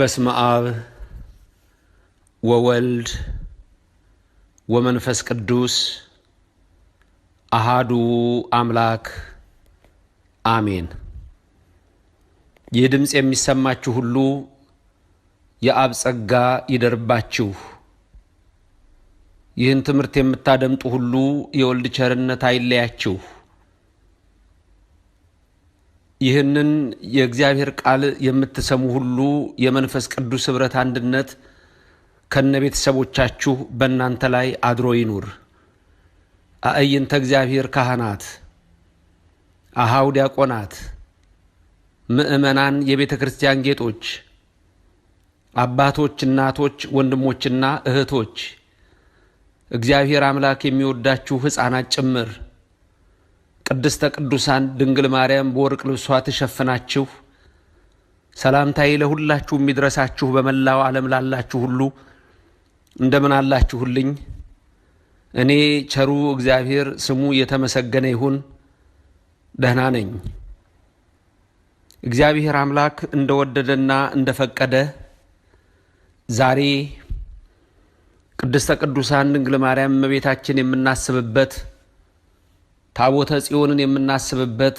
በስመ አብ ወወልድ ወመንፈስ ቅዱስ አሃዱ አምላክ አሜን። ይህ ድምፅ የሚሰማችሁ ሁሉ የአብ ጸጋ ይደርባችሁ። ይህን ትምህርት የምታደምጡ ሁሉ የወልድ ቸርነት አይለያችሁ። ይህንን የእግዚአብሔር ቃል የምትሰሙ ሁሉ የመንፈስ ቅዱስ ኅብረት አንድነት ከነ ቤተሰቦቻችሁ በእናንተ ላይ አድሮ ይኑር። አእይንተ እግዚአብሔር ካህናት፣ አሃው ዲያቆናት፣ ምእመናን፣ የቤተ ክርስቲያን ጌጦች፣ አባቶች፣ እናቶች፣ ወንድሞችና እህቶች፣ እግዚአብሔር አምላክ የሚወዳችሁ ሕፃናት ጭምር ቅድስተ ቅዱሳን ድንግል ማርያም በወርቅ ልብሷ ተሸፍናችሁ ሰላምታዬ ለሁላችሁ የሚድረሳችሁ በመላው ዓለም ላላችሁ ሁሉ እንደምን አላችሁልኝ? እኔ ቸሩ እግዚአብሔር ስሙ የተመሰገነ ይሁን ደህና ነኝ። እግዚአብሔር አምላክ እንደወደደና እንደፈቀደ ዛሬ ቅድስተ ቅዱሳን ድንግል ማርያም እመቤታችን የምናስብበት ታቦተ ጽዮንን የምናስብበት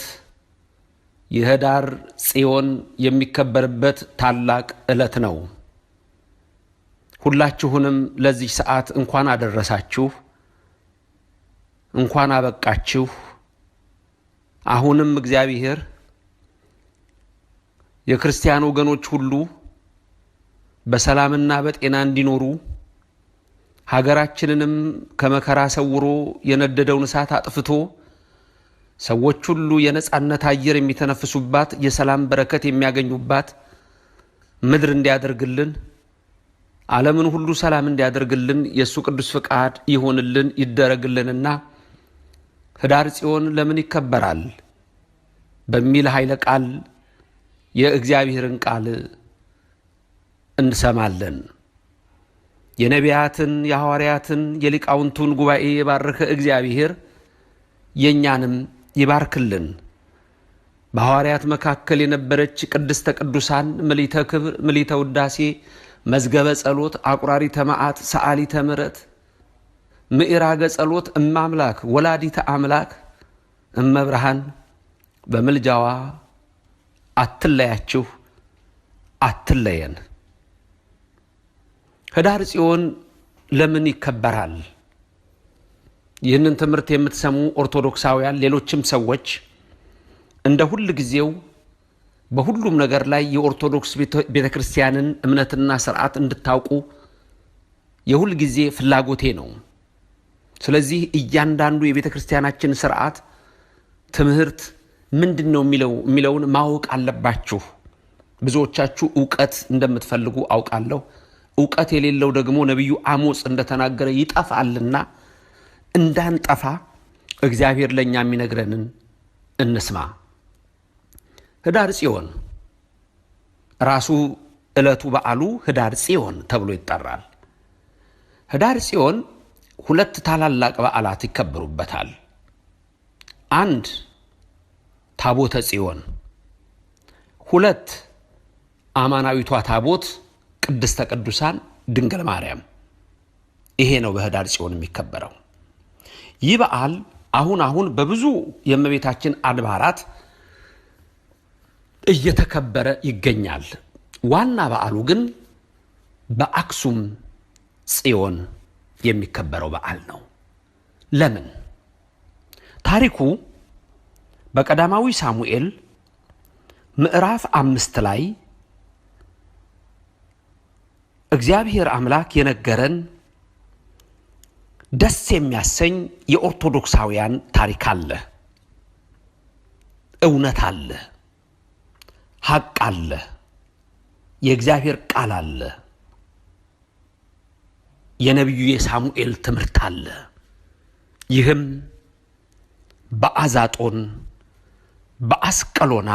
የህዳር ጽዮን የሚከበርበት ታላቅ ዕለት ነው። ሁላችሁንም ለዚህ ሰዓት እንኳን አደረሳችሁ፣ እንኳን አበቃችሁ። አሁንም እግዚአብሔር የክርስቲያን ወገኖች ሁሉ በሰላምና በጤና እንዲኖሩ ሀገራችንንም ከመከራ ሰውሮ የነደደውን እሳት አጥፍቶ ሰዎች ሁሉ የነጻነት አየር የሚተነፍሱባት የሰላም በረከት የሚያገኙባት ምድር እንዲያደርግልን ዓለምን ሁሉ ሰላም እንዲያደርግልን የእሱ ቅዱስ ፍቃድ ይሆንልን ይደረግልንና ህዳር ጽዮን ለምን ይከበራል በሚል ኃይለ ቃል የእግዚአብሔርን ቃል እንሰማለን። የነቢያትን፣ የሐዋርያትን፣ የሊቃውንቱን ጉባኤ የባረከ እግዚአብሔር የእኛንም ይባርክልን። በሐዋርያት መካከል የነበረች ቅድስተ ቅዱሳን ምሊተ ክብር፣ ምሊተ ውዳሴ፣ መዝገበ ጸሎት፣ አቁራሪተ መዓት፣ ሰዓሊተ ምሕረት፣ ምዕራገ ጸሎት እማምላክ፣ ወላዲተ አምላክ እመብርሃን በምልጃዋ አትለያችሁ፣ አትለየን። ህዳር ጽዮን ለምን ይከበራል? ይህንን ትምህርት የምትሰሙ ኦርቶዶክሳውያን፣ ሌሎችም ሰዎች እንደ ሁል ጊዜው በሁሉም ነገር ላይ የኦርቶዶክስ ቤተ ክርስቲያንን እምነትና ስርዓት እንድታውቁ የሁል ጊዜ ፍላጎቴ ነው። ስለዚህ እያንዳንዱ የቤተ ክርስቲያናችን ስርዓት፣ ትምህርት ምንድን ነው የሚለውን ማወቅ አለባችሁ። ብዙዎቻችሁ እውቀት እንደምትፈልጉ አውቃለሁ። እውቀት የሌለው ደግሞ ነቢዩ አሞጽ እንደተናገረ ይጠፋልና እንዳንጠፋ እግዚአብሔር ለእኛ የሚነግረንን እንስማ። ህዳር ጽዮን ራሱ ዕለቱ በዓሉ ህዳር ጽዮን ተብሎ ይጠራል። ህዳር ጽዮን ሁለት ታላላቅ በዓላት ይከበሩበታል። አንድ ታቦተ ጽዮን፣ ሁለት አማናዊቷ ታቦት ቅድስተ ቅዱሳን ድንግል ማርያም። ይሄ ነው በህዳር ጽዮን የሚከበረው። ይህ በዓል አሁን አሁን በብዙ የእመቤታችን አድባራት እየተከበረ ይገኛል። ዋና በዓሉ ግን በአክሱም ጽዮን የሚከበረው በዓል ነው። ለምን? ታሪኩ በቀዳማዊ ሳሙኤል ምዕራፍ አምስት ላይ እግዚአብሔር አምላክ የነገረን ደስ የሚያሰኝ የኦርቶዶክሳውያን ታሪክ አለ፣ እውነት አለ፣ ሀቅ አለ፣ የእግዚአብሔር ቃል አለ፣ የነቢዩ የሳሙኤል ትምህርት አለ። ይህም በአዛጦን በአስቀሎና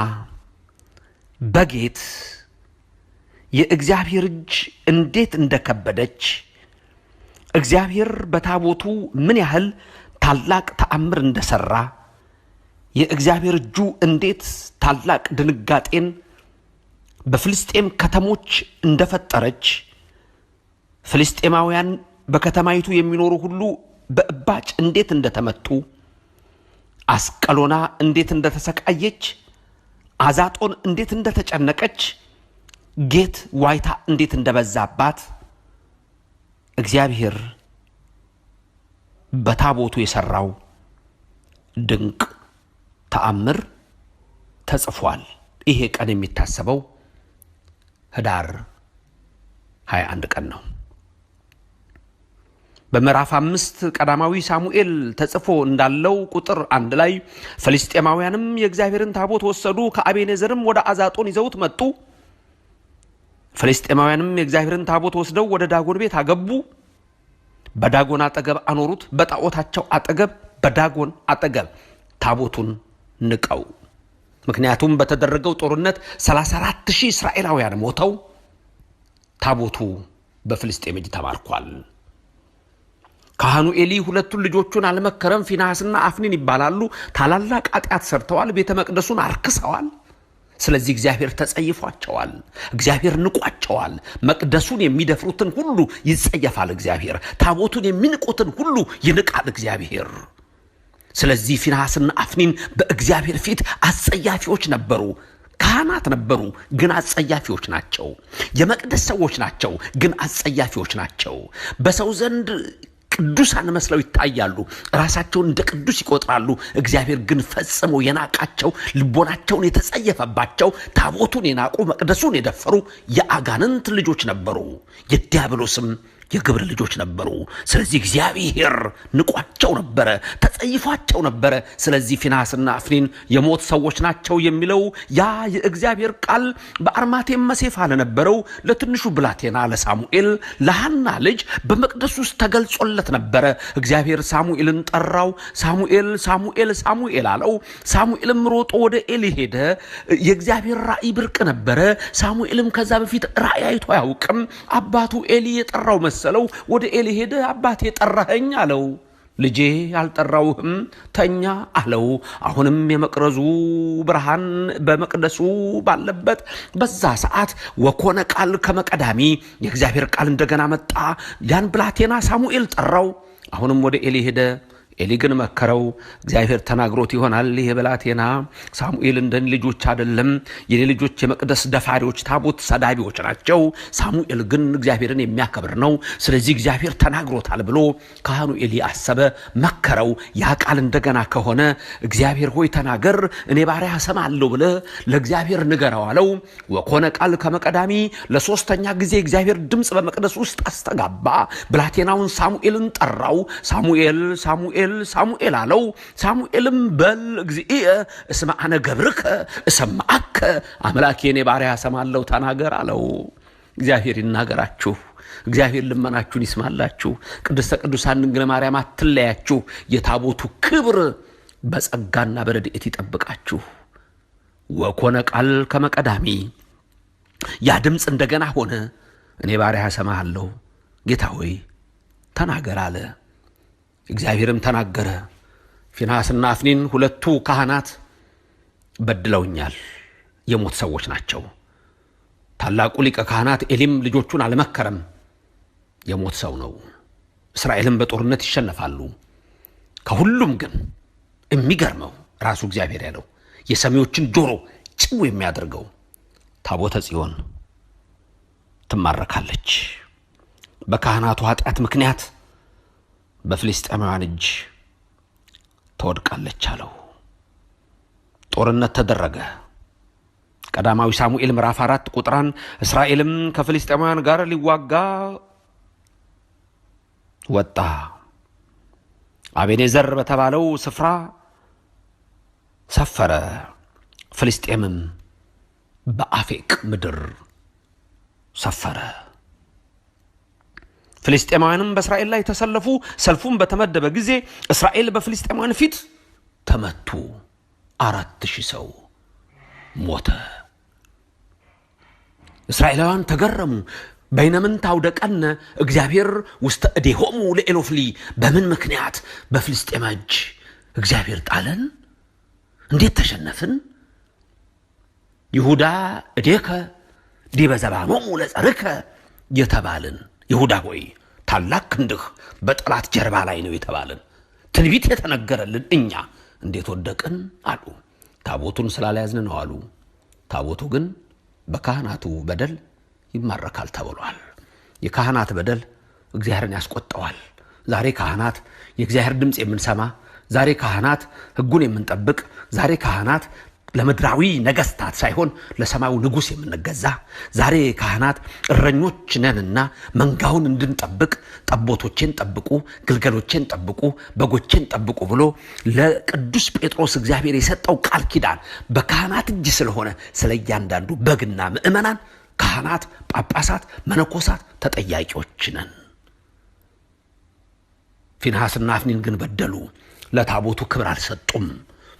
በጌት የእግዚአብሔር እጅ እንዴት እንደከበደች እግዚአብሔር በታቦቱ ምን ያህል ታላቅ ተአምር እንደሰራ የእግዚአብሔር እጁ እንዴት ታላቅ ድንጋጤን በፍልስጤም ከተሞች እንደፈጠረች ፍልስጤማውያን በከተማይቱ የሚኖሩ ሁሉ በእባጭ እንዴት እንደተመቱ፣ አስቀሎና እንዴት እንደተሰቃየች፣ አዛጦን እንዴት እንደተጨነቀች፣ ጌት ዋይታ እንዴት እንደበዛባት እግዚአብሔር በታቦቱ የሰራው ድንቅ ተአምር ተጽፏል። ይሄ ቀን የሚታሰበው ህዳር 21 ቀን ነው። በምዕራፍ አምስት ቀዳማዊ ሳሙኤል ተጽፎ እንዳለው ቁጥር አንድ ላይ ፍልስጤማውያንም የእግዚአብሔርን ታቦት ወሰዱ፣ ከአቤኔዘርም ወደ አዛጦን ይዘውት መጡ ፍልስጤማውያንም የእግዚአብሔርን ታቦት ወስደው ወደ ዳጎን ቤት አገቡ። በዳጎን አጠገብ አኖሩት። በጣዖታቸው አጠገብ፣ በዳጎን አጠገብ ታቦቱን ንቀው። ምክንያቱም በተደረገው ጦርነት 34 ሺህ እስራኤላውያን ሞተው ታቦቱ በፍልስጤም እጅ ተማርኳል። ካህኑ ኤሊ ሁለቱን ልጆቹን አልመከረም። ፊናሐስና አፍኒን ይባላሉ። ታላላቅ ኃጢአት ሰርተዋል። ቤተ መቅደሱን አርክሰዋል። ስለዚህ እግዚአብሔር ተጸይፏቸዋል። እግዚአብሔር ንቋቸዋል። መቅደሱን የሚደፍሩትን ሁሉ ይጸየፋል እግዚአብሔር። ታቦቱን የሚንቁትን ሁሉ ይንቃል እግዚአብሔር። ስለዚህ ፊንሐስና አፍኒን በእግዚአብሔር ፊት አጸያፊዎች ነበሩ። ካህናት ነበሩ፣ ግን አጸያፊዎች ናቸው። የመቅደስ ሰዎች ናቸው፣ ግን አጸያፊዎች ናቸው። በሰው ዘንድ ቅዱሳን መስለው ይታያሉ። ራሳቸውን እንደ ቅዱስ ይቆጥራሉ። እግዚአብሔር ግን ፈጽሞ የናቃቸው፣ ልቦናቸውን የተጸየፈባቸው፣ ታቦቱን የናቁ፣ መቅደሱን የደፈሩ የአጋንንት ልጆች ነበሩ። የዲያብሎስም የግብር ልጆች ነበሩ። ስለዚህ እግዚአብሔር ንቋቸው ነበረ፣ ተጸይፏቸው ነበረ። ስለዚህ ፊናስና አፍኒን የሞት ሰዎች ናቸው የሚለው ያ የእግዚአብሔር ቃል በአርማቴም መሴፋ ለነበረው ለትንሹ ብላቴና ለሳሙኤል ለሐና ልጅ በመቅደስ ውስጥ ተገልጾለት ነበረ። እግዚአብሔር ሳሙኤልን ጠራው። ሳሙኤል ሳሙኤል ሳሙኤል አለው። ሳሙኤልም ሮጦ ወደ ኤሊ ሄደ። የእግዚአብሔር ራእይ ብርቅ ነበረ። ሳሙኤልም ከዛ በፊት ራእይ አይቶ አያውቅም። አባቱ ኤሊ የጠራው መሰለው። ወደ ኤሊ ሄደ። አባቴ ጠራኸኝ አለው። ልጄ አልጠራውህም፣ ተኛ አለው። አሁንም የመቅረዙ ብርሃን በመቅደሱ ባለበት በዛ ሰዓት ወኮነ ቃል ከመቀዳሚ የእግዚአብሔር ቃል እንደገና መጣ። ያን ብላቴና ሳሙኤል ጠራው። አሁንም ወደ ኤሊ ሄደ። ኤሊ ግን መከረው። እግዚአብሔር ተናግሮት ይሆናል ይህ ብላቴና ሳሙኤል እንደኔ ልጆች አይደለም፣ የኔ ልጆች የመቅደስ ደፋሪዎች፣ ታቦት ሰዳቢዎች ናቸው። ሳሙኤል ግን እግዚአብሔርን የሚያከብር ነው። ስለዚህ እግዚአብሔር ተናግሮታል ብሎ ካህኑ ኤሊ አሰበ፣ መከረው። ያ ቃል እንደገና ከሆነ እግዚአብሔር ሆይ ተናገር፣ እኔ ባሪያ እሰማለሁ ብለ ለእግዚአብሔር ንገረው አለው። ወኮነ ቃል ከመቀዳሚ ለሶስተኛ ጊዜ እግዚአብሔር ድምፅ በመቅደስ ውስጥ አስተጋባ። ብላቴናውን ሳሙኤልን ጠራው። ሳሙኤል ሳሙኤል ሳሙኤል ሳሙኤል አለው። ሳሙኤልም በል እግዚእየ እስመ አነ ገብርከ እሰማዓከ፣ አምላኬ እኔ ባሪያ እሰማለሁ ተናገር አለው። እግዚአብሔር ይናገራችሁ። እግዚአብሔር ልመናችሁን ይስማላችሁ። ቅድስተ ቅዱሳን ድንግል ማርያም አትለያችሁ። የታቦቱ ክብር በጸጋና በረድኤት ይጠብቃችሁ። ወኮነ ቃል ከመቀዳሚ ያ ድምፅ እንደገና ሆነ። እኔ ባሪያ እሰማሃለሁ ጌታ ሆይ ተናገር አለ። እግዚአብሔርም ተናገረ። ፊንሐስና አፍኒን ሁለቱ ካህናት በድለውኛል፣ የሞት ሰዎች ናቸው። ታላቁ ሊቀ ካህናት ኤሊም ልጆቹን አልመከረም፣ የሞት ሰው ነው። እስራኤልም በጦርነት ይሸነፋሉ። ከሁሉም ግን የሚገርመው ራሱ እግዚአብሔር ያለው የሰሚዎችን ጆሮ ጭው የሚያደርገው ታቦተ ጽዮን ትማረካለች። በካህናቱ ኃጢአት ምክንያት በፍልስጤማውያን እጅ ትወድቃለች አለው። ጦርነት ተደረገ። ቀዳማዊ ሳሙኤል ምዕራፍ አራት ቁጥራን እስራኤልም ከፍልስጤማውያን ጋር ሊዋጋ ወጣ። አቤኔዘር በተባለው ስፍራ ሰፈረ። ፍልስጤምም በአፌቅ ምድር ሰፈረ። ፍልስጤማውያንም በእስራኤል ላይ ተሰለፉ። ሰልፉም በተመደበ ጊዜ እስራኤል በፍልስጤማውያን ፊት ተመቱ። አራት ሺህ ሰው ሞተ። እስራኤላውያን ተገረሙ። በይነምንት አውደ እግዚአብሔር ውስተ እዴሆሙ ለኤሎፍሊ፣ በምን ምክንያት በፍልስጤማ እጅ እግዚአብሔር ጣለን? እንዴት ተሸነፍን? ይሁዳ እዴከ ዲበ ዘባኖሙ ለጸርከ የተባልን ይሁዳ ሆይ ታላቅ ክንድህ በጠላት ጀርባ ላይ ነው የተባለን። ትንቢት የተነገረልን እኛ እንዴት ወደቅን አሉ። ታቦቱን ስላልያዝን ነው አሉ። ታቦቱ ግን በካህናቱ በደል ይማረካል ተብሏል። የካህናት በደል እግዚአብሔርን ያስቆጠዋል። ዛሬ ካህናት የእግዚአብሔር ድምፅ የምንሰማ ዛሬ ካህናት ሕጉን የምንጠብቅ ዛሬ ካህናት ለምድራዊ ነገስታት ሳይሆን ለሰማዩ ንጉሥ የምንገዛ ዛሬ ካህናት እረኞች ነንና መንጋውን እንድንጠብቅ ጠቦቶቼን ጠብቁ፣ ግልገሎቼን ጠብቁ፣ በጎቼን ጠብቁ ብሎ ለቅዱስ ጴጥሮስ እግዚአብሔር የሰጠው ቃል ኪዳን በካህናት እጅ ስለሆነ ስለ እያንዳንዱ በግና ምእመናን ካህናት፣ ጳጳሳት፣ መነኮሳት ተጠያቂዎች ነን። ፊንሐስና አፍኒን ግን በደሉ። ለታቦቱ ክብር አልሰጡም።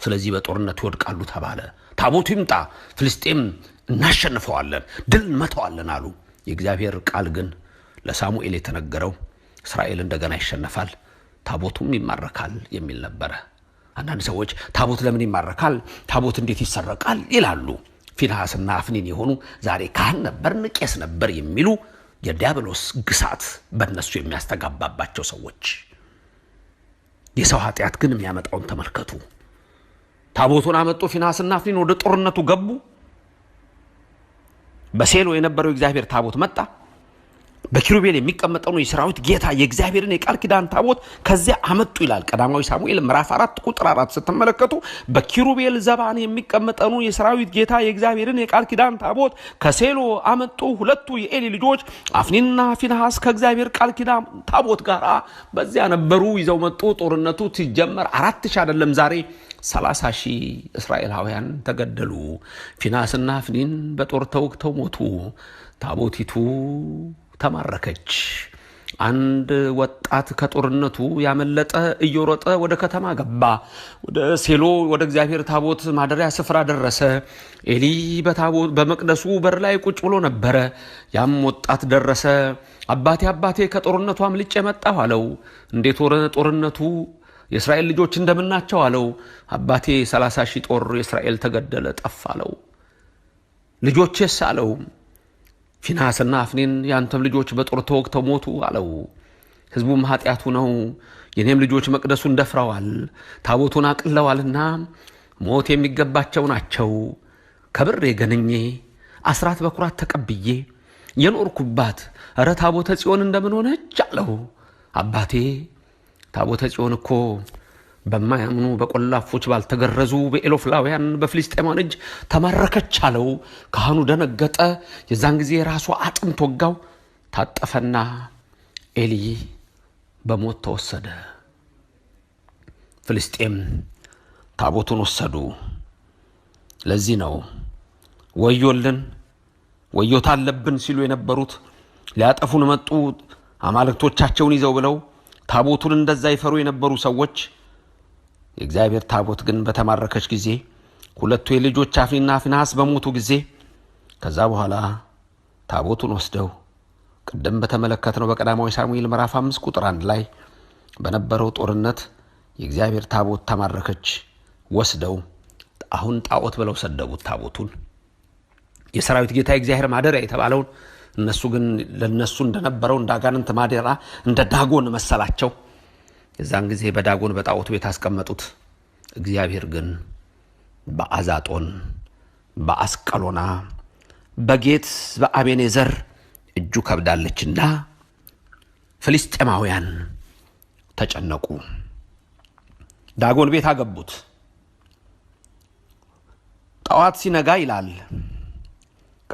ስለዚህ በጦርነት ይወድቃሉ ተባለ። ታቦቱ ይምጣ፣ ፍልስጤም እናሸንፈዋለን፣ ድል እንመታዋለን አሉ። የእግዚአብሔር ቃል ግን ለሳሙኤል የተነገረው እስራኤል እንደገና ይሸነፋል፣ ታቦቱም ይማረካል የሚል ነበረ። አንዳንድ ሰዎች ታቦት ለምን ይማረካል? ታቦት እንዴት ይሰረቃል? ይላሉ። ፊንሐስና አፍኒን የሆኑ ዛሬ ካህን ነበርን ቄስ ነበር የሚሉ የዲያብሎስ ግሳት በእነሱ የሚያስተጋባባቸው ሰዎች የሰው ኃጢአት ግን የሚያመጣውን ተመልከቱ። ታቦቱን አመጡ። ፊናስና አፍኒን ወደ ጦርነቱ ገቡ። በሴሎ የነበረው እግዚአብሔር ታቦት መጣ። በኪሩቤል የሚቀመጠውን የሰራዊት ጌታ የእግዚአብሔርን የቃል ኪዳን ታቦት ከዚያ አመጡ ይላል። ቀዳማዊ ሳሙኤል ምዕራፍ አራት ቁጥር አራት ስትመለከቱ በኪሩቤል ዘባን የሚቀመጠውን የሰራዊት ጌታ የእግዚአብሔርን የቃል ኪዳን ታቦት ከሴሎ አመጡ። ሁለቱ የኤሊ ልጆች አፍኒና ፊንሃስ ከእግዚአብሔር ቃል ኪዳን ታቦት ጋር በዚያ ነበሩ። ይዘው መጡ። ጦርነቱ ሲጀመር አራት ሺ አይደለም ዛሬ ሰላሳ ሺህ እስራኤላውያን ተገደሉ። ፊናስና አፍኒን በጦር ተወግተው ሞቱ። ታቦቲቱ ተማረከች። አንድ ወጣት ከጦርነቱ ያመለጠ እየሮጠ ወደ ከተማ ገባ። ወደ ሴሎ ወደ እግዚአብሔር ታቦት ማደሪያ ስፍራ ደረሰ። ኤሊ በመቅደሱ በር ላይ ቁጭ ብሎ ነበረ። ያም ወጣት ደረሰ። አባቴ አባቴ፣ ከጦርነቱ አምልጬ መጣሁ አለው። እንዴት ወረ ጦርነቱ? የእስራኤል ልጆች እንደምናቸው አለው። አባቴ ሰላሳ ሺህ ጦር የእስራኤል ተገደለ ጠፍ አለው። ልጆቼስ አለው ፊንሐስና አፍኔን የአንተም ልጆች በጦር ተወግተው ሞቱ አለው። ሕዝቡም ኃጢአቱ ነው፣ የኔም ልጆች መቅደሱን ደፍረዋል፣ ታቦቱን አቅለዋልና ሞት የሚገባቸው ናቸው። ከብሬ ገነኜ አስራት በኩራት ተቀብዬ የኖርኩባት እረ ታቦተ ጽዮን እንደምን ሆነች አለው። አባቴ ታቦተ ጽዮን እኮ በማያምኑ በቆላፎች ባልተገረዙ በኤሎፍላውያን በፍልስጤማን እጅ ተማረከች አለው። ካህኑ ደነገጠ። የዛን ጊዜ ራሱ አጥንት ወጋው። ታጠፈና ኤሊ በሞት ተወሰደ። ፍልስጤም ታቦቱን ወሰዱ። ለዚህ ነው ወዮልን ወዮታ አለብን ሲሉ የነበሩት ሊያጠፉን መጡ አማልክቶቻቸውን ይዘው ብለው ታቦቱን እንደዛ ይፈሩ የነበሩ ሰዎች የእግዚአብሔር ታቦት ግን በተማረከች ጊዜ ሁለቱ የልጆች አፍኒና ፊንሐስ በሞቱ ጊዜ ከዛ በኋላ ታቦቱን ወስደው ቅድም በተመለከትነው በቀዳማዊ ሳሙኤል ምዕራፍ አምስት ቁጥር አንድ ላይ በነበረው ጦርነት የእግዚአብሔር ታቦት ተማረከች። ወስደው አሁን ጣዖት ብለው ሰደቡት ታቦቱን የሰራዊት ጌታ የእግዚአብሔር ማደሪያ የተባለውን እነሱ ግን ለነሱ እንደነበረው እንደ አጋንንት ማደራ እንደ ዳጎን መሰላቸው። የዛን ጊዜ በዳጎን በጣዖት ቤት አስቀመጡት። እግዚአብሔር ግን በአዛጦን በአስቀሎና በጌት በአቤኔዘር እጁ ከብዳለችና ፍልስጤማውያን ተጨነቁ። ዳጎን ቤት አገቡት። ጠዋት ሲነጋ ይላል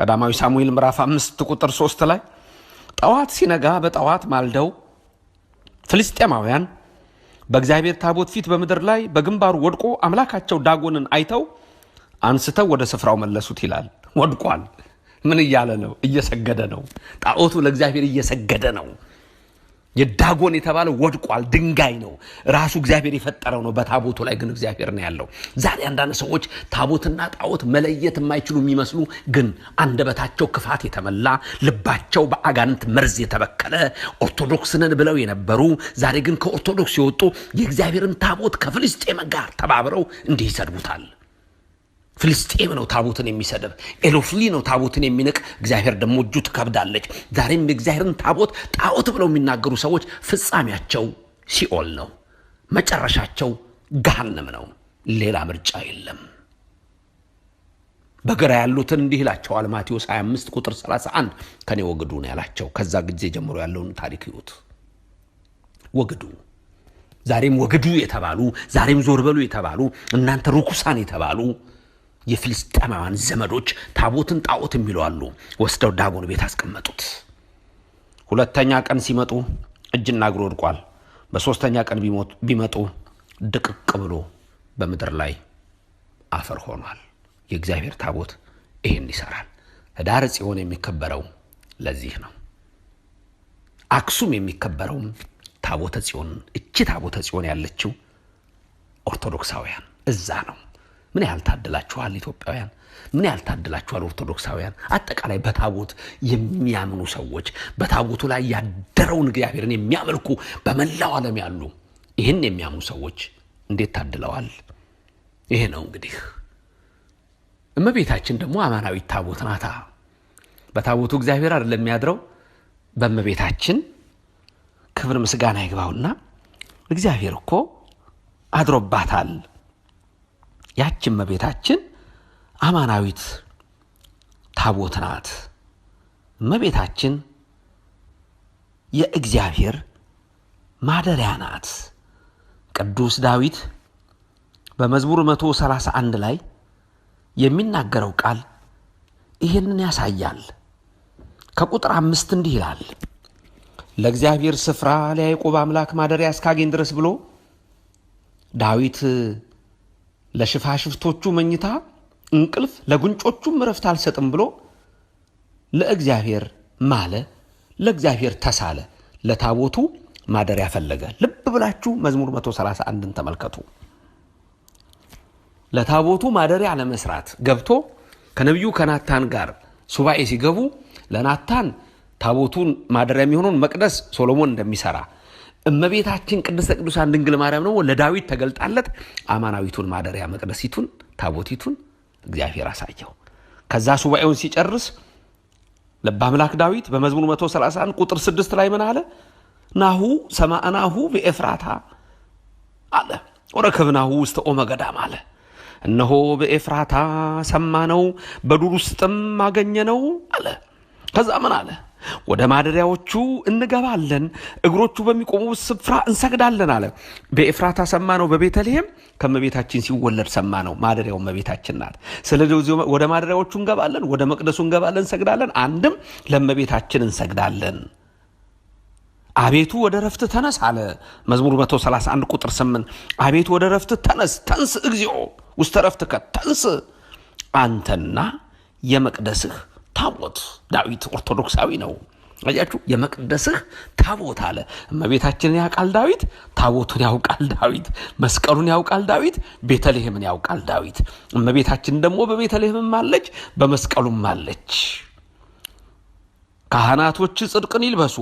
ቀዳማዊ ሳሙኤል ምዕራፍ አምስት ቁጥር ሶስት ላይ ጠዋት ሲነጋ በጠዋት ማልደው ፍልስጤማውያን በእግዚአብሔር ታቦት ፊት በምድር ላይ በግንባሩ ወድቆ አምላካቸው ዳጎንን አይተው አንስተው ወደ ስፍራው መለሱት ይላል። ወድቋል። ምን እያለ ነው? እየሰገደ ነው። ጣዖቱ ለእግዚአብሔር እየሰገደ ነው። የዳጎን የተባለው ወድቋል። ድንጋይ ነው ራሱ እግዚአብሔር የፈጠረው ነው። በታቦቱ ላይ ግን እግዚአብሔር ነው ያለው። ዛሬ አንዳንድ ሰዎች ታቦትና ጣዖት መለየት የማይችሉ የሚመስሉ ግን አንደበታቸው ክፋት የተመላ ልባቸው በአጋንንት መርዝ የተበከለ ኦርቶዶክስ ነን ብለው የነበሩ ዛሬ ግን ከኦርቶዶክስ የወጡ የእግዚአብሔርን ታቦት ከፍልስጤም ጋር ተባብረው እንዲህ ይሰድቡታል። ፍልስጤም ነው ታቦትን የሚሰድብ፣ ኤሎፍሊ ነው ታቦትን የሚንቅ። እግዚአብሔር ደግሞ እጁ ትከብዳለች። ዛሬም የእግዚአብሔርን ታቦት ጣዖት ብለው የሚናገሩ ሰዎች ፍጻሜያቸው ሲኦል ነው፣ መጨረሻቸው ገሃነም ነው። ሌላ ምርጫ የለም። በግራ ያሉትን እንዲህ ይላቸዋል ማቴዎስ 25 ቁጥር 31 ከኔ ወግዱ ነው ያላቸው። ከዛ ጊዜ ጀምሮ ያለውን ታሪክ ይዩት። ወግዱ ዛሬም ወግዱ የተባሉ ዛሬም ዞር በሉ የተባሉ እናንተ ርኩሳን የተባሉ የፊልስጤማውያን ዘመዶች ታቦትን ጣዖት አሉ። ወስደው ዳጎን ቤት አስቀመጡት። ሁለተኛ ቀን ሲመጡ እጅና እግሩ ወድቋል። በሶስተኛ ቀን ቢመጡ ድቅቅ ብሎ በምድር ላይ አፈር ሆኗል። የእግዚአብሔር ታቦት ይህን ይሰራል። ህዳር ጽዮን የሚከበረው ለዚህ ነው። አክሱም የሚከበረውም ታቦተ ጽዮን እቺ ታቦተ ጽዮን ያለችው ኦርቶዶክሳውያን እዛ ነው። ምን ያህል ታድላችኋል ኢትዮጵያውያን? ምን ያህል ታድላችኋል ኦርቶዶክሳውያን? አጠቃላይ በታቦት የሚያምኑ ሰዎች፣ በታቦቱ ላይ ያደረውን እግዚአብሔርን የሚያመልኩ በመላው ዓለም ያሉ ይህን የሚያምኑ ሰዎች እንዴት ታድለዋል? ይሄ ነው እንግዲህ። እመቤታችን ደግሞ አማናዊት ታቦት ናታ። በታቦቱ እግዚአብሔር አይደለም የሚያድረው፣ በእመቤታችን ክብር ምስጋና ይግባውና እግዚአብሔር እኮ አድሮባታል። ያችን እመቤታችን አማናዊት ታቦት ናት። እመቤታችን የእግዚአብሔር ማደሪያ ናት። ቅዱስ ዳዊት በመዝሙር 131 ላይ የሚናገረው ቃል ይህንን ያሳያል። ከቁጥር አምስት እንዲህ ይላል ለእግዚአብሔር ስፍራ ለያዕቆብ አምላክ ማደሪያ እስካገኝ ድረስ ብሎ ዳዊት ለሽፋሽፍቶቹ መኝታ እንቅልፍ ለጉንጮቹም እረፍት አልሰጥም ብሎ ለእግዚአብሔር ማለ፣ ለእግዚአብሔር ተሳለ፣ ለታቦቱ ማደሪያ ፈለገ። ልብ ብላችሁ መዝሙር 131ን ተመልከቱ። ለታቦቱ ማደሪያ ለመስራት ገብቶ ከነቢዩ ከናታን ጋር ሱባኤ ሲገቡ ለናታን ታቦቱን ማደሪያ የሚሆነውን መቅደስ ሶሎሞን እንደሚሰራ እመቤታችን ቅድስተ ቅዱሳን ድንግል ማርያም ደግሞ ለዳዊት ተገልጣለት አማናዊቱን ማደሪያ መቅደሲቱን ታቦቲቱን እግዚአብሔር አሳየው። ከዛ ሱባኤውን ሲጨርስ ልበ አምላክ ዳዊት በመዝሙር 131 ቁጥር 6 ላይ ምን አለ? ናሁ ሰማዕናሁ በኤፍራታ አለ ወረከብናሁ ውስተ ኦመ ገዳም አለ። እነሆ በኤፍራታ ሰማነው፣ በዱር ውስጥም አገኘነው አለ። ከዛ ምን አለ? ወደ ማደሪያዎቹ እንገባለን፣ እግሮቹ በሚቆሙ ስፍራ እንሰግዳለን አለ። በኤፍራታ ሰማ ነው፣ በቤተልሔም ከመቤታችን ሲወለድ ሰማ ነው። ማደሪያው መቤታችን ናት። ስለዚህ ወደ ማደሪያዎቹ እንገባለን፣ ወደ መቅደሱ እንገባለን፣ እንሰግዳለን። አንድም ለመቤታችን እንሰግዳለን። አቤቱ ወደ ረፍት ተነስ አለ መዝሙር 131 ቁጥር 8 አቤቱ ወደ ረፍት ተነስ ተንስ እግዚኦ ውስተ ረፍትከ ተንስ አንተና የመቅደስህ ታቦት ዳዊት ኦርቶዶክሳዊ ነው። አያችሁ የመቅደስህ ታቦት አለ። እመቤታችንን ያውቃል ዳዊት፣ ታቦቱን ያውቃል ዳዊት፣ መስቀሉን ያውቃል ዳዊት፣ ቤተልሔምን ያውቃል ዳዊት። እመቤታችን ደግሞ በቤተልሔምም አለች፣ በመስቀሉም አለች። ካህናቶች ጽድቅን ይልበሱ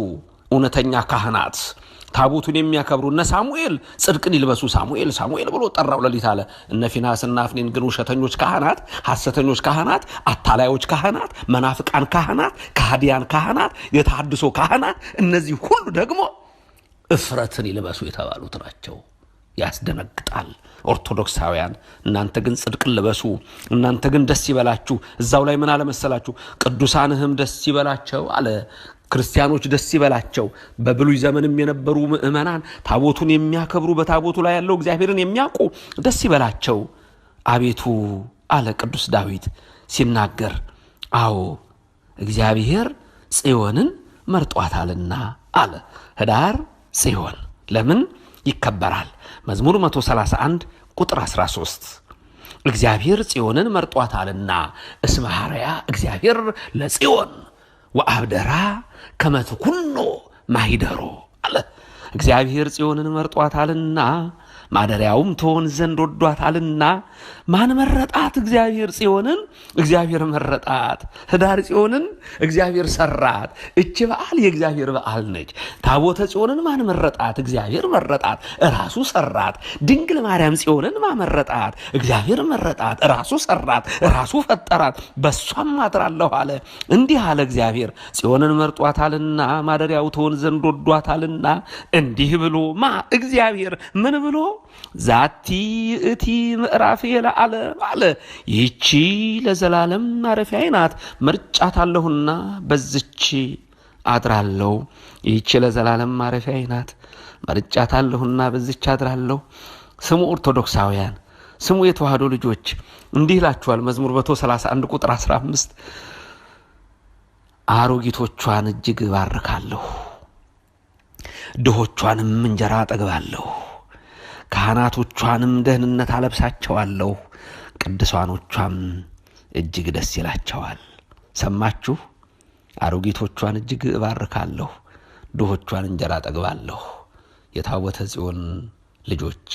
እውነተኛ ካህናት ታቦቱን የሚያከብሩ እነ ሳሙኤል ጽድቅን ይልበሱ ሳሙኤል ሳሙኤል ብሎ ጠራው ሌሊት አለ። እነ ፊናስና አፍኒን ግን ውሸተኞች ካህናት፣ ሐሰተኞች ካህናት፣ አታላዮች ካህናት፣ መናፍቃን ካህናት፣ ካህዲያን ካህናት፣ የተሐድሶ ካህናት እነዚህ ሁሉ ደግሞ እፍረትን ይልበሱ የተባሉት ናቸው። ያስደነግጣል። ኦርቶዶክሳውያን እናንተ ግን ጽድቅን ልበሱ፣ እናንተ ግን ደስ ይበላችሁ። እዛው ላይ ምን አለ መሰላችሁ? ቅዱሳንህም ደስ ይበላቸው አለ። ክርስቲያኖች ደስ ይበላቸው። በብሉይ ዘመንም የነበሩ ምእመናን ታቦቱን የሚያከብሩ በታቦቱ ላይ ያለው እግዚአብሔርን የሚያውቁ ደስ ይበላቸው አቤቱ አለ ቅዱስ ዳዊት ሲናገር። አዎ እግዚአብሔር ጽዮንን መርጧታልና አለ። ህዳር ጽዮን ለምን ይከበራል? መዝሙር 131 ቁጥር 13 እግዚአብሔር ጽዮንን መርጧታልና እስመ ሐረያ እግዚአብሔር ለጽዮን ወአብደራ ከመትኩኖ ማሂደሮ አለ። እግዚአብሔር ጽዮንን መርጧታልና ማደሪያውም ትሆን ዘንድ ወዷታልና። ማን መረጣት? እግዚአብሔር ጽዮንን እግዚአብሔር መረጣት። ህዳር ጽዮንን እግዚአብሔር ሰራት። እች በዓል የእግዚአብሔር በዓል ነች። ታቦተ ጽዮንን ማን መረጣት? እግዚአብሔር መረጣት፣ እራሱ ሰራት። ድንግል ማርያም ጽዮንን ማመረጣት? እግዚአብሔር መረጣት፣ እራሱ ሰራት፣ እራሱ ፈጠራት። በእሷም ማትራለሁ አለ። እንዲህ አለ እግዚአብሔር ጽዮንን መርጧታልና ማደሪያው ትሆን ዘንድ ወዷታልና። እንዲህ ብሎ ማ እግዚአብሔር ምን ብሎ ዛቲ እቲ ምዕራፍ ለዓለም አለ። ይህቺ ለዘላለም ማረፊያዬ ናት፣ መርጫታለሁና በዝቺ አድራለሁ። ይህቺ ለዘላለም ማረፊያዬ ናት፣ መርጫታለሁና በዝቺ አድራለሁ። ስሙ ኦርቶዶክሳውያን፣ ስሙ የተዋህዶ ልጆች እንዲህ ይላችኋል። መዝሙር 31 ቁጥር 15 አሮጊቶቿን እጅግ እባርካለሁ፣ ድሆቿንም እንጀራ አጠግባለሁ ካህናቶቿንም ደህንነት አለብሳቸዋለሁ፣ ቅዱሳኖቿም እጅግ ደስ ይላቸዋል። ሰማችሁ? አሮጊቶቿን እጅግ እባርካለሁ፣ ድሆቿን እንጀራ ጠግባለሁ። የታቦተ ጽዮን ልጆች፣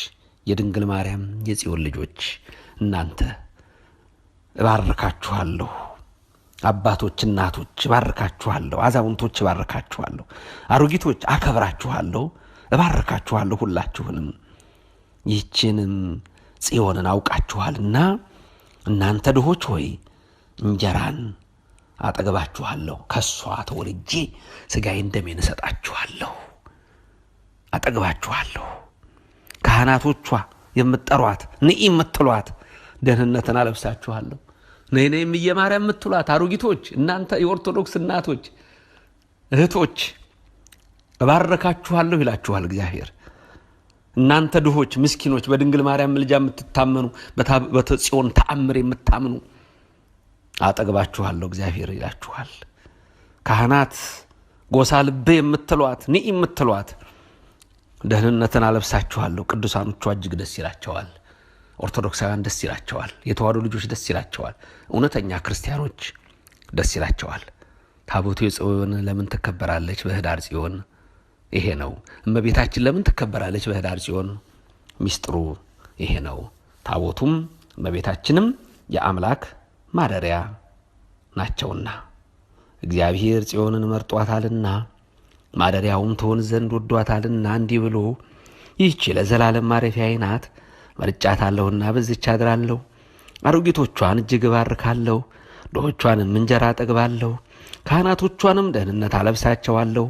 የድንግል ማርያም የጽዮን ልጆች እናንተ እባርካችኋለሁ። አባቶች፣ እናቶች እባርካችኋለሁ። አዛውንቶች እባርካችኋለሁ። አሮጊቶች አከብራችኋለሁ፣ እባርካችኋለሁ ሁላችሁንም ይህችንም ጽዮንን አውቃችኋልና እናንተ ድሆች ሆይ እንጀራን አጠግባችኋለሁ፣ ከሷ ተወልጄ ሥጋዬን ደሜን እሰጣችኋለሁ፣ አጠግባችኋለሁ። ካህናቶቿ የምትጠሯት ንኢ የምትሏት ደህንነትን አለብሳችኋለሁ። ነይ ነይ የምትሏት አሮጊቶች እናንተ የኦርቶዶክስ እናቶች እህቶች እባረካችኋለሁ ይላችኋል እግዚአብሔር። እናንተ ድሆች ምስኪኖች፣ በድንግል ማርያም ምልጃ የምትታመኑ በተጽዮን ተአምር የምታምኑ አጠግባችኋለሁ እግዚአብሔር ይላችኋል። ካህናት ጎሳ ልቤ የምትሏት ኒ የምትሏት ደህንነትን አለብሳችኋለሁ። ቅዱሳኖቿ እጅግ ደስ ይላቸዋል። ኦርቶዶክሳውያን ደስ ይላቸዋል። የተዋህዶ ልጆች ደስ ይላቸዋል። እውነተኛ ክርስቲያኖች ደስ ይላቸዋል። ታቦቱ የጽዮን ለምን ትከበራለች በህዳር ጽዮን ይሄ ነው። እመቤታችን ለምን ትከበራለች በህዳር ሲሆን? ሚስጥሩ ይሄ ነው። ታቦቱም እመቤታችንም የአምላክ ማደሪያ ናቸውና እግዚአብሔር ጽዮንን መርጧታልና ማደሪያውም ትሆን ዘንድ ወዷታልና እንዲህ ብሎ ይህቺ ለዘላለም ማረፊያዬ ናት፣ መርጫታለሁና በዚች አድራለሁ። አሮጊቶቿን እጅግ እባርካለሁ፣ ድሆቿንም እንጀራ አጠግባለሁ፣ ካህናቶቿንም ደህንነት አለብሳቸዋለሁ።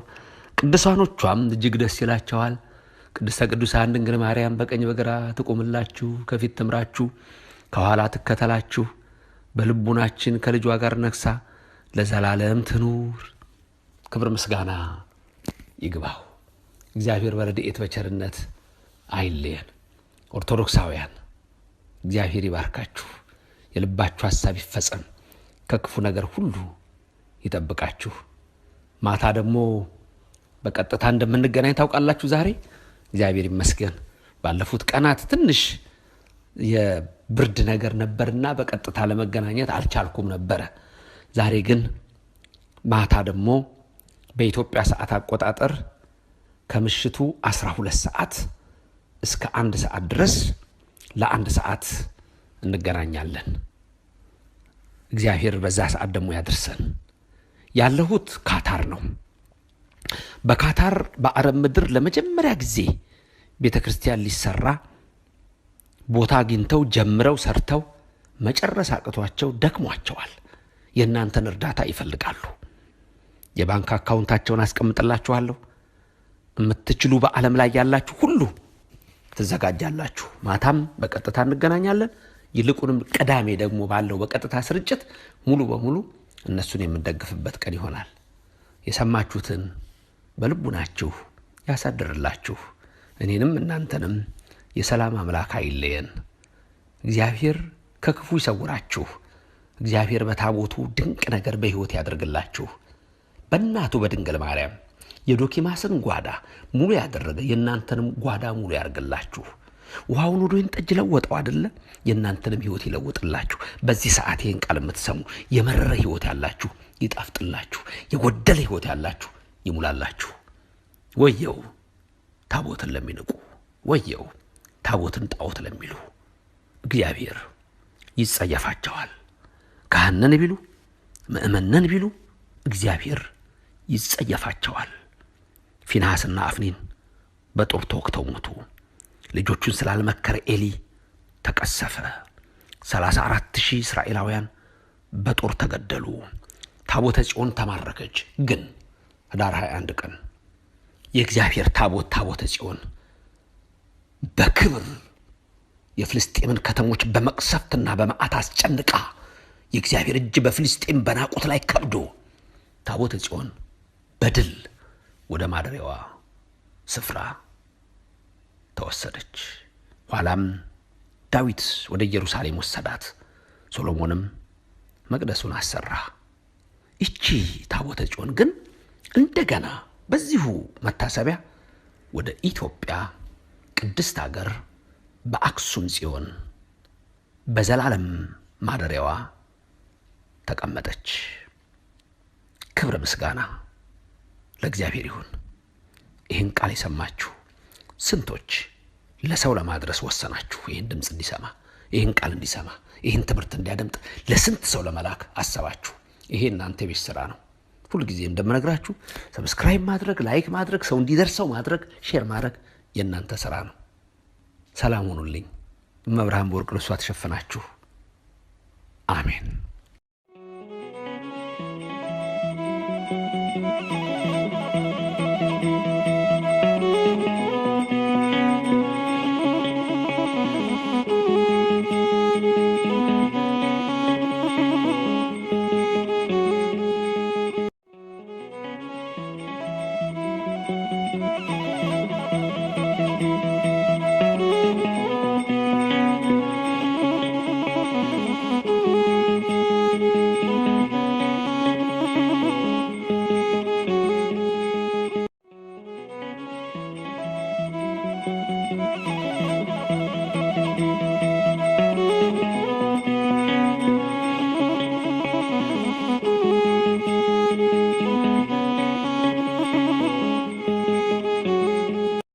ቅዱሳኖቿም እጅግ ደስ ይላቸዋል። ቅድስተ ቅዱሳን ድንግል ማርያም በቀኝ በግራ ትቆምላችሁ፣ ከፊት ትምራችሁ፣ ከኋላ ትከተላችሁ። በልቡናችን ከልጇ ጋር ነግሳ ለዘላለም ትኑር። ክብር ምስጋና ይግባው። እግዚአብሔር በረድኤት በቸርነት አይለየን። ኦርቶዶክሳውያን እግዚአብሔር ይባርካችሁ፣ የልባችሁ ሀሳብ ይፈጸም፣ ከክፉ ነገር ሁሉ ይጠብቃችሁ። ማታ ደግሞ በቀጥታ እንደምንገናኝ ታውቃላችሁ። ዛሬ እግዚአብሔር ይመስገን ባለፉት ቀናት ትንሽ የብርድ ነገር ነበርና በቀጥታ ለመገናኘት አልቻልኩም ነበረ። ዛሬ ግን ማታ ደግሞ በኢትዮጵያ ሰዓት አቆጣጠር ከምሽቱ 12 ሰዓት እስከ አንድ ሰዓት ድረስ ለአንድ ሰዓት እንገናኛለን። እግዚአብሔር በዛ ሰዓት ደግሞ ያደርሰን። ያለሁት ካታር ነው። በካታር በአረብ ምድር ለመጀመሪያ ጊዜ ቤተ ክርስቲያን ሊሰራ ቦታ አግኝተው ጀምረው ሰርተው መጨረስ አቅቷቸው ደክሟቸዋል። የእናንተን እርዳታ ይፈልጋሉ። የባንክ አካውንታቸውን አስቀምጥላችኋለሁ። የምትችሉ በዓለም ላይ ያላችሁ ሁሉ ትዘጋጃላችሁ። ማታም በቀጥታ እንገናኛለን። ይልቁንም ቅዳሜ ደግሞ ባለው በቀጥታ ስርጭት ሙሉ በሙሉ እነሱን የምንደግፍበት ቀን ይሆናል። የሰማችሁትን በልቡናችሁ ያሳድርላችሁ። እኔንም እናንተንም የሰላም አምላክ አይለየን። እግዚአብሔር ከክፉ ይሰውራችሁ። እግዚአብሔር በታቦቱ ድንቅ ነገር በሕይወት ያደርግላችሁ። በእናቱ በድንግል ማርያም የዶኪማስን ጓዳ ሙሉ ያደረገ የእናንተንም ጓዳ ሙሉ ያደርግላችሁ። ውሃውን ወደ ወይን ጠጅ ለወጠው አደለ? የእናንተንም ሕይወት ይለውጥላችሁ። በዚህ ሰዓት ይህን ቃል የምትሰሙ የመረረ ሕይወት ያላችሁ ይጣፍጥላችሁ። የጎደለ ሕይወት ያላችሁ ይሙላላችሁ። ወየው ታቦትን ለሚንቁ፣ ወየው ታቦትን ጣዖት ለሚሉ እግዚአብሔር ይጸየፋቸዋል። ካህነን ቢሉ ምእመነን ቢሉ እግዚአብሔር ይጸየፋቸዋል። ፊንሐስና አፍኒን በጦር ተወግተው ሞቱ። ልጆቹን ስላልመከረ ኤሊ ተቀሰፈ። ሰላሳ አራት ሺህ እስራኤላውያን በጦር ተገደሉ። ታቦተ ጽዮን ተማረከች ግን ህዳር 21 ቀን የእግዚአብሔር ታቦት ታቦተ ጽዮን በክብር የፍልስጤምን ከተሞች በመቅሰፍትና በመዓት አስጨንቃ የእግዚአብሔር እጅ በፍልስጤም በናቁት ላይ ከብዶ ታቦተ ጽዮን በድል ወደ ማደሪያዋ ስፍራ ተወሰደች። ኋላም ዳዊት ወደ ኢየሩሳሌም ወሰዳት። ሶሎሞንም መቅደሱን አሰራ። ይቺ ታቦተ ጽዮን ግን እንደገና በዚሁ መታሰቢያ ወደ ኢትዮጵያ ቅድስት አገር በአክሱም ጽዮን በዘላለም ማደሪያዋ ተቀመጠች። ክብረ ምስጋና ለእግዚአብሔር ይሁን። ይህን ቃል የሰማችሁ ስንቶች ለሰው ለማድረስ ወሰናችሁ? ይህን ድምፅ እንዲሰማ ይህን ቃል እንዲሰማ ይህን ትምህርት እንዲያደምጥ ለስንት ሰው ለመላክ አሰባችሁ? ይሄ እናንተ የቤት ስራ ነው። ሁልጊዜ እንደምነግራችሁ ሰብስክራይብ ማድረግ፣ ላይክ ማድረግ፣ ሰው እንዲደርሰው ማድረግ፣ ሼር ማድረግ የእናንተ ስራ ነው። ሰላም ሁኑልኝ። መብርሃን በወርቅ ልብሷ ተሸፈናችሁ። አሜን።